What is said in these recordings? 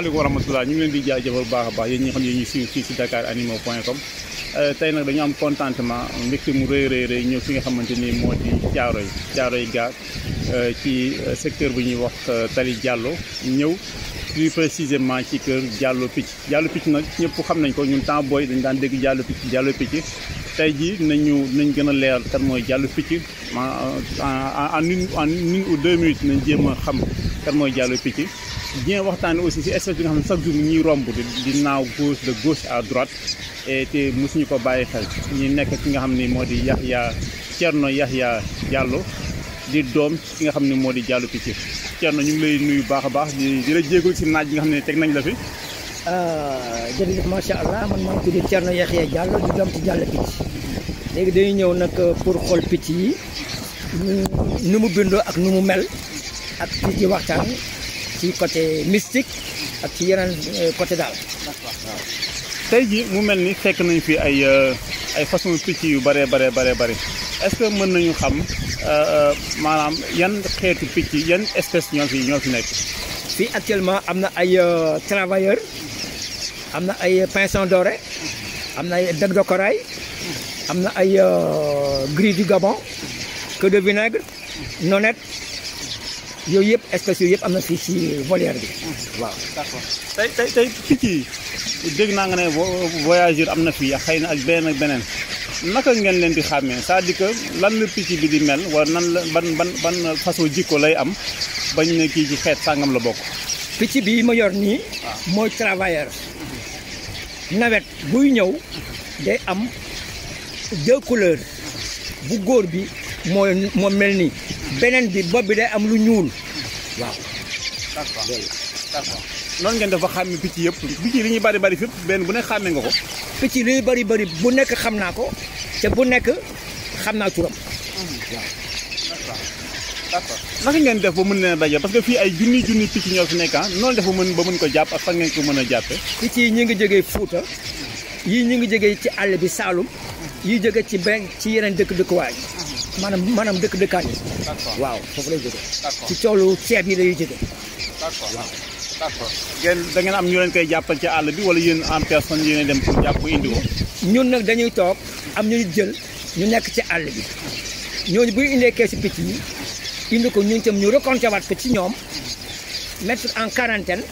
salaamaaleykum wa rahmatulah ñu ngi leen di jaajëfal bu baax a baax yéen ñi xam ne ñu suñu fii si Dakar animo point com tey nag dañu am contentement mbégte mu rëy rëy rëy ñëw fi nga xamante ni kan, moo di Thiaroy Thiaroy Gaag ci eh, eh, secteur bu ñuy eh, wax Tali Diallo ñëw plus précisément ci kër Diallo Picc Diallo Picc nag ñëpp xam nañ ko ñun temps booy dañ daan dégg Diallo Picc Diallo Picc tey jii nañu nañ gën a leer kan mooy Diallo Picc en une en une ou deux minutes nañ jéem a xam kan mooy Diallo Picc bien waxtaane aussi si espèce bi nga xam ne chaque jour ñuy romb di naaw gauche de gauche à droite et te mosuñu ko bàyyi xel ñu nekk ki nga xam ni moo di Yahya Thierno Yahya jàllo di doom ki nga xam ne moo di Diallo Picc Thierno ñu ngi lay nuyu baax a baax di di la si naaj yi nga xam ne teg nañ la fi. Euh, jërëjëf macha allah man maa ngi tudd Thierno Yaxya Diallo di doom ci Diallo picc léegi dañuy ñëw nag euh, pour xool picc yi nu mu bindoo ak nu mu mel ak ci ci waxtaan ci côté mystique ak ci yeneen euh, côté daal. tey ji mu mel ni fekk nañu fi ay ay façon picc yu bëree bare bare bëri. est-ce que mën nañu xam euh, euh, maanaam yan xeetu picc yan espèce ñoo fi ñoo fi nekk. fii actuellement am na ay euh, travailleurs am na ay pinson doré am na ay bec de corail am na ay gris du Gabon queue de vinaigre nonette yooyu yëpp espèces yooyu yëpp am na fii si volière bi. waaw tey tey tey picc dégg naa nga ne voyageur am na fii xëy na ak beneen ak beneen. naka ngeen leen di xàmmee c'est-à-dire la picc bi di mel wala nan la ban ban ban façon jikko lay am bañ ne kii ci xeet sàngam la bokk. picc bi ma yor nii. Ah. mooy travailleur. nawet buy ñëw day am deux couleurs bu góor bi mooy moo mel nii beneen bi bopp bi day am lu ñuul waaw. noonu ngeen dafa xàmme picc yëpp picc yi li ñuy bari bari fépp benn bu nekk xàmme nga ko picc li ñuy bari bari bu nekk xam naa ko te bu nekk xam naa turam waaw d'accord naka ngeen def ba mën leen a daje parce que fii ay junni junni picc ñoo fi nekk ah noonu def ba mën ko jàpp ak fan ngeen ko mën a jàppe picc yi ñu ngi jógee Fuuta yii ñu ngi jógee ci àll bi Saalum yii jógee ci benn ci yeneen dëkk dëkkuwaay maanaam maanaam dëkk dëkkaan yi waaw foofu lay jógee ci coolu ceeb yi lay jógee d'accord ngeen am ñoo leen koy jàppal ci àll bi wala yéen en personne yéen dem pour jàpp indi ko. ñun nag dañuy toog am ñu jël ñu nekk ci àll bi ñooñu bu ñu indee keesu picc yi indi ko ñu tam ñu reconté waat ko ci ñoom mettre en quarantaine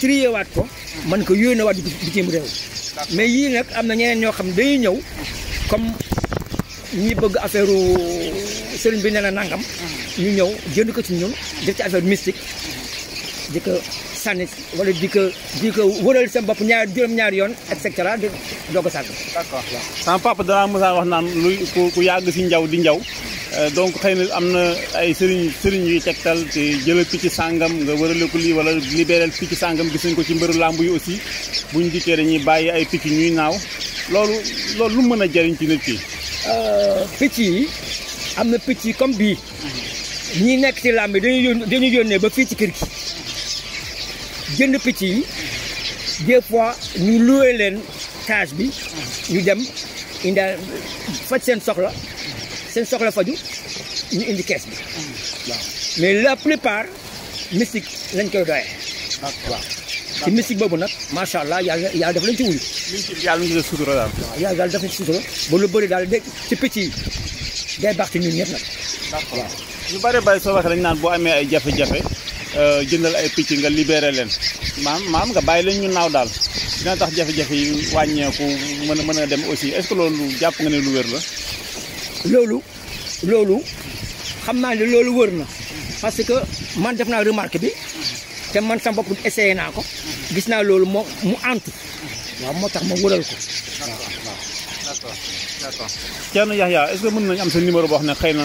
trié waat ko man ko yónnee waat bitim réew. mais yii nag am na ñeneen ñoo xam ne dañuy ñëw comme ñu bëgg affaire sëriñ bi ne la nangam. Mm-hmm. ñu ñëw jënd ko ci ñun def ci affaire mystique. di ko sànni wala di ko di ko wëral sa bopp ñaar juróom ñaar yoon et cetera di doo ko sànni. d'accord waaw sama papa danaa mos wax naan luy ku yàgg si njaw di njaw euh, donc xëy na am na ay sëriñ sëriñ yuy tegtal te jëlal picc sàngam nga wërale ko lii wala libéral picc sàngam gis nañ ko ci mbëru làmb yi aussi bu buñ dikkee dañuy bàyyi ay picc ñuy naaw loolu loolu lu mën a jëriñ ci nit ki. Euh, picc yi am na picc comme bii. ñi nekk ci làmb yi dañuy yónnee dañuy yónnee ba fii ci kër gi. jënd picc yi des fois ñu loué leen cage bi ñu dem indaal faj seen soxla seen soxla faju ñu indi kees bi waaw mais la plupart mystique lañ koy doyee waaw ci mystique boobu nag macha allah yàlla yàlla def lañ ci wuyu yàlla ñu sutura daal waaw yàlla yàlla def lañ ci sutura ba lu bëri daal ci picc yi day baax ci ñun ñëpp nag waaw ñu bëri bay soo waxee dañ naan boo amee ay jafe-jafe Euh, jëndal ay picc nga libéré leen maam maam nga bàyyi leen ñu naaw daal dina tax jafe-jafe yi wàññeeku mën a mën a dem aussi est-ce loolu jàpp nga ne lu wér la. loolu loolu xam naa ni loolu wër na parce que man def naa remarque bi te man sama bopp essayé naa ko gis naa loolu moo mu ànt waaw moo tax ma wëral ko. kenn yahya est ce mën nañ am sa numéro boo xam ne xëy na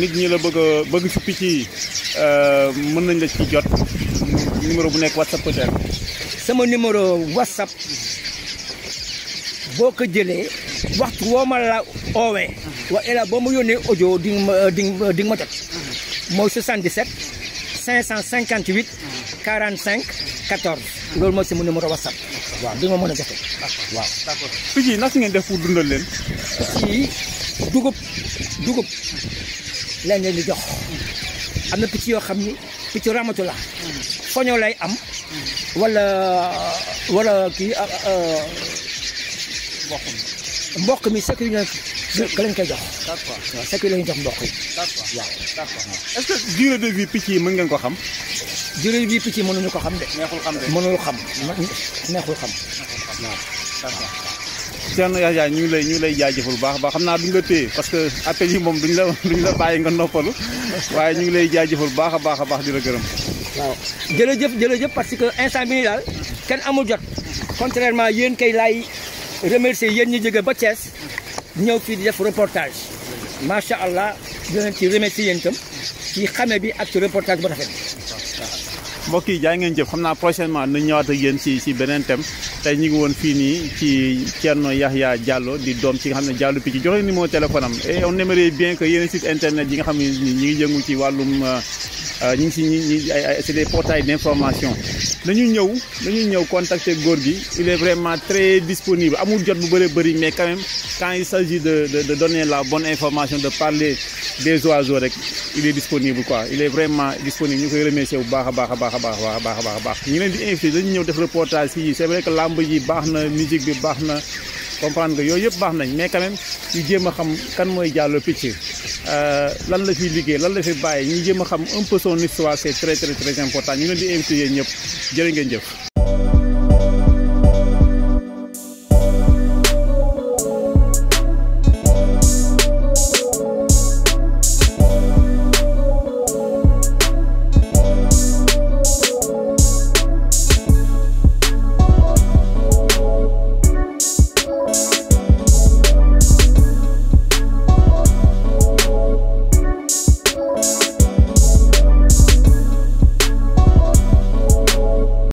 nit ñi la bëgg a bëgg ci picc yi euh, mën nañ la ci jot numéro bu nekk whatsapp peut être sama numéro whatsapp boo ko jëlee waxtu woo ma la oowe wa ela boo ma yónnee audio di ma euh, di ma di ma jot mooy 77 558 45 14 loolu mooy sama numéro whatsapp waaw dina mën a jafe. waaw d'accord picc yi naka ngeen def pour dundal leen. picc yi dugub dugub lañ leen di jox hmm. am na picc yoo xam ni picc ramatu la hmm. foño lay am hmm. walla wala kii ah, ah, mboq mi sekk yu ñu ka lañ koy jox. d'accord waaw sekk yi lañ jox mboq yi. d'accord waaw. est-ce que durée de vie picc yi mën ngeen ko xam. jërëjëf bii picc mënuñu ko xam de. neexul xam de mënul xam neexul xam. Thierno Yaya ñu ngi lay ñu ngi lay jaajëfal bu baax baax xam naa duñ la téye parce que appel yi moom duñ la duñ la bàyyi nga noppalu waaye ñu ngi lay jaajëfal bu baax a baax a baax di la gërëm. waaw jërëjëf jërëjëf parce que instant bii daal kenn amul jot contrairement yéen kay laay remercier yéen ñu jóge ba Thiès ñëw fii di def reportage macha allah di leen ci remercier yéen tam ci xame bi ak ci reportage bu rafet mbokk yi jaa ngeen jëf xam naa prochainement nañ ñëwaat ak yéen si si beneen thème tey ñu ngi woon fii nii ci Thierno Yahya Diallo di doom ci nga xam ne Diallo picc joxe numéro téléphone am et on aimerait bien que yéen si internet yi nga xam ne ñu ngi yëngu ci wàllum. Euh, Euh, c'est des portails d'information Nous ñëw contacté il est vraiment très disponible Il mais quand même quand il s'agit de donner la bonne information de parler des oiseaux il est disponible il est vraiment disponible Nous koy bu avons c'est vrai que l'ambiance, musique de baax comprendre nga yooyu yëpp baax nañ mais quand même ñu jéem a xam kan mooy Diallo Pichie euh, lan la fiy liggéey lan la fi bàyyi ñu jéem a xam un peu son histoire c'est très très très important ñu leen di invité yéen ñëpp jërë ngeen jëf